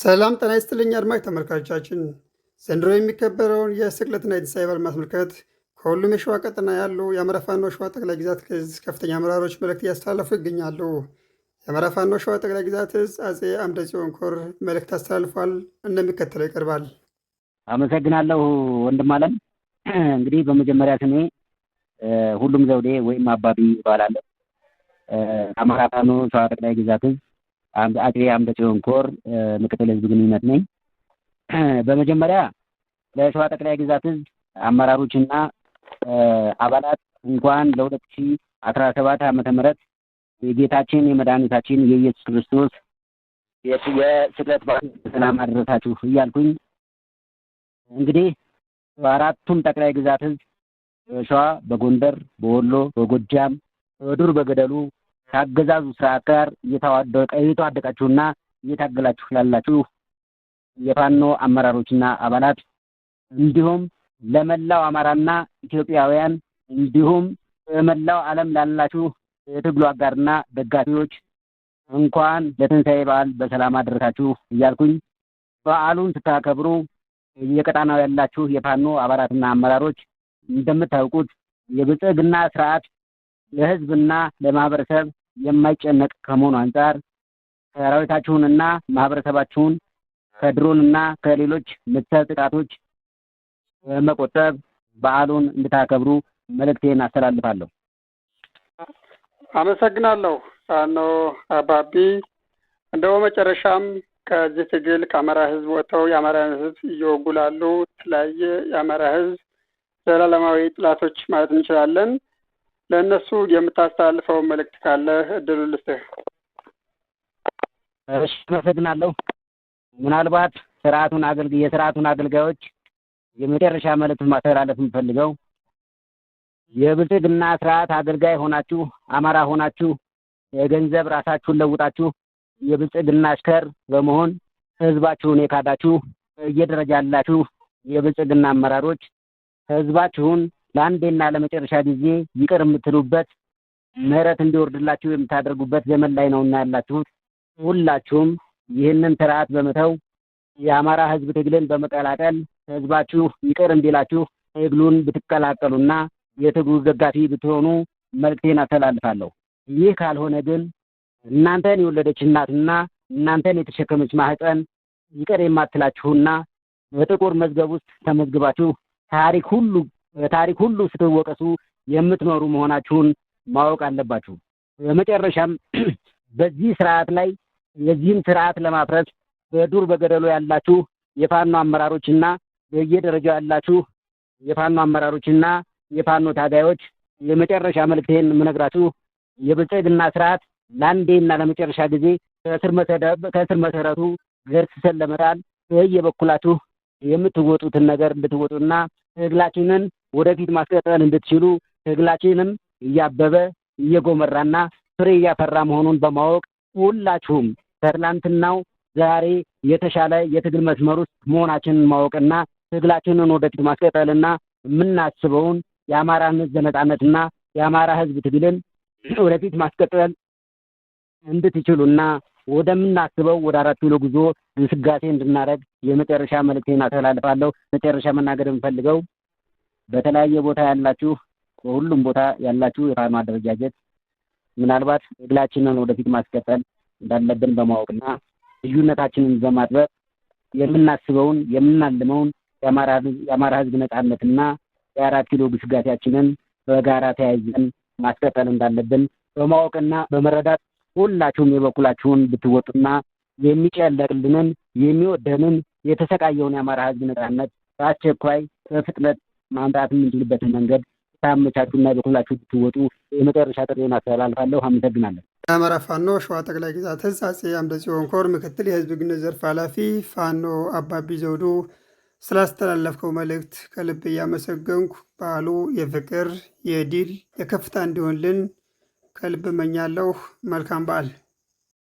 ሰላም ጤና ይስጥልኝ አድማጭ ተመልካቾቻችን። ዘንድሮ የሚከበረውን የስቅለትና የትንሣኤ በዓል በማስመልከት ከሁሉም የሸዋ ቀጠና ያሉ የአማራ ፋኖ ሸዋ ጠቅላይ ግዛት ዕዝ ከፍተኛ አመራሮች መልእክት እያስተላለፉ ይገኛሉ። የአማራ ፋኖ ሸዋ ጠቅላይ ግዛት ዕዝ አጼ አምደ ጽዮን ኮር መልእክት አስተላልፏል። እንደሚከተለው ይቀርባል። አመሰግናለሁ ወንድም አለም። እንግዲህ በመጀመሪያ ስሜ ሁሉም ዘውዴ ወይም አባቢ ይባላለሁ። አማራ ፋኖ ሸዋ ጠቅላይ ግዛት ዕዝ አጥሬ አምደጽዮን ኮር ምክትል ህዝብ ግንኙነት ነኝ። በመጀመሪያ ለሸዋ ጠቅላይ ግዛት ህዝብ አመራሮችና አባላት እንኳን ለሁለት ሺ አስራ ሰባት ዓመተ ምህረት የጌታችን የመድኃኒታችን የኢየሱስ ክርስቶስ የስቅለት በዓል ሰላም አደረሳችሁ እያልኩኝ እንግዲህ በአራቱም ጠቅላይ ግዛት ህዝብ ሸዋ፣ በጎንደር፣ በወሎ፣ በጎጃም፣ በዱር በገደሉ ከአገዛዙ ስርዓት ጋር እየተዋደቃችሁና እየታገላችሁ ላላችሁ የፋኖ አመራሮችና አባላት እንዲሁም ለመላው አማራና ኢትዮጵያውያን እንዲሁም በመላው ዓለም ላላችሁ የትግሉ አጋርና ደጋፊዎች እንኳን ለትንሣኤ በዓል በሰላም አደረሳችሁ እያልኩኝ በዓሉን ስታከብሩ የቀጣናው ያላችሁ የፋኖ አባላትና አመራሮች እንደምታውቁት የብልጽግና ስርዓት ለህዝብና ለማህበረሰብ የማይጨነቅ ከመሆኑ አንጻር ሰራዊታችሁንና ማህበረሰባችሁን ከድሮንና ከሌሎች ምትል ጥቃቶች በመቆጠብ በዓሉን እንድታከብሩ መልእክቴን አስተላልፋለሁ። አመሰግናለሁ ፋኖ አባቢ። እንደው መጨረሻም ከዚህ ትግል ከአማራ ህዝብ ወጥተው የአማራን ህዝብ እየወጉ ላሉ የተለያየ የአማራ ህዝብ ዘላለማዊ ጥላቶች ማለት እንችላለን ለእነሱ የምታስተላልፈው መልእክት ካለ እድሉ ልስጥህ። እሺ፣ አመሰግናለሁ። ምናልባት ስርዓቱን አገልግ የስርዓቱን አገልጋዮች የመጨረሻ መልእክት ማስተላለፍ የምፈልገው የብልጽግና ስርዓት አገልጋይ ሆናችሁ አማራ ሆናችሁ የገንዘብ ራሳችሁን ለውጣችሁ የብልጽግና አሽከር በመሆን ህዝባችሁን የካዳችሁ ያላችሁ የብልጽግና አመራሮች ህዝባችሁን ለአንዴና ለመጨረሻ ጊዜ ይቅር የምትሉበት ምህረት እንዲወርድላችሁ የምታደርጉበት ዘመን ላይ ነውና ያላችሁት። ሁላችሁም ይህንን ስርዓት በመተው የአማራ ህዝብ ትግልን በመቀላቀል ህዝባችሁ ይቅር እንዲላችሁ ትግሉን ብትቀላቀሉና የትግሉ ደጋፊ ብትሆኑ መልክቴን አስተላልፋለሁ። ይህ ካልሆነ ግን እናንተን የወለደች እናትና እናንተን የተሸከመች ማህፀን ይቅር የማትላችሁና በጥቁር መዝገብ ውስጥ ተመዝግባችሁ ታሪክ ሁሉ ታሪክ ሁሉ ስትወቀሱ የምትኖሩ መሆናችሁን ማወቅ አለባችሁ። በመጨረሻም በዚህ ስርዓት ላይ የዚህን ስርዓት ለማፍረስ በዱር በገደሉ ያላችሁ የፋኖ አመራሮችና በየደረጃው ያላችሁ የፋኖ አመራሮችና የፋኖ ታጋዮች የመጨረሻ መልክቴን የምነግራችሁ የብልጽግና ስርዓት ለአንዴና ለመጨረሻ ጊዜ ከስር መሰረቱ ገርስሰን ለመጣል በየበኩላችሁ የምትወጡትን ነገር እንድትወጡና ትግላችንን ወደፊት ማስቀጠል እንድትችሉ ትግላችንም እያበበ እየጎመራና ፍሬ እያፈራ መሆኑን በማወቅ ሁላችሁም ከትላንትናው ዛሬ የተሻለ የትግል መስመር ውስጥ መሆናችንን ማወቅና ትግላችንን ወደፊት ማስቀጠልና የምናስበውን የአማራ ሕዝብ ነጻነትና የአማራ ሕዝብ ትግልን ወደፊት ማስቀጠል እንድትችሉና ወደምናስበው ወደ አራት ኪሎ ጉዞ እንስጋሴ እንድናደርግ የመጨረሻ መልእክቴን አስተላልፋለሁ። መጨረሻ መናገር የምፈልገው በተለያየ ቦታ ያላችሁ በሁሉም ቦታ ያላችሁ የፋኖ አደረጃጀት ምናልባት ትግላችንን ወደፊት ማስቀጠል እንዳለብን በማወቅና ልዩነታችንን በማጥበብ የምናስበውን የምናልመውን የአማራ ህዝብ ነጻነትና የአራት ኪሎ ግስጋሴያችንን በጋራ ተያይዘን ማስቀጠል እንዳለብን በማወቅና በመረዳት ሁላችሁም የበኩላችሁን ብትወጡና የሚጨለቅልንን የሚወደንን የተሰቃየውን የአማራ ህዝብ ነጻነት በአስቸኳይ በፍጥነት ማምጣት የምንችልበትን መንገድ እና በኩላችሁ ብትወጡ የመጨረሻ ጥሪውን አስተላልፋለሁ። አመሰግናለን። የአማራ ፋኖ ሸዋ ጠቅላይ ግዛት ዕዝ አፄ አምደጽዮን ኮር ምክትል የህዝብ ግንኙነት ዘርፍ ኃላፊ ፋኖ አባቢ ዘውዱ ስላስተላለፍከው መልእክት ከልብ እያመሰገንኩ በዓሉ የፍቅር የድል የከፍታ እንዲሆንልን ከልብ እመኛለሁ። መልካም በዓል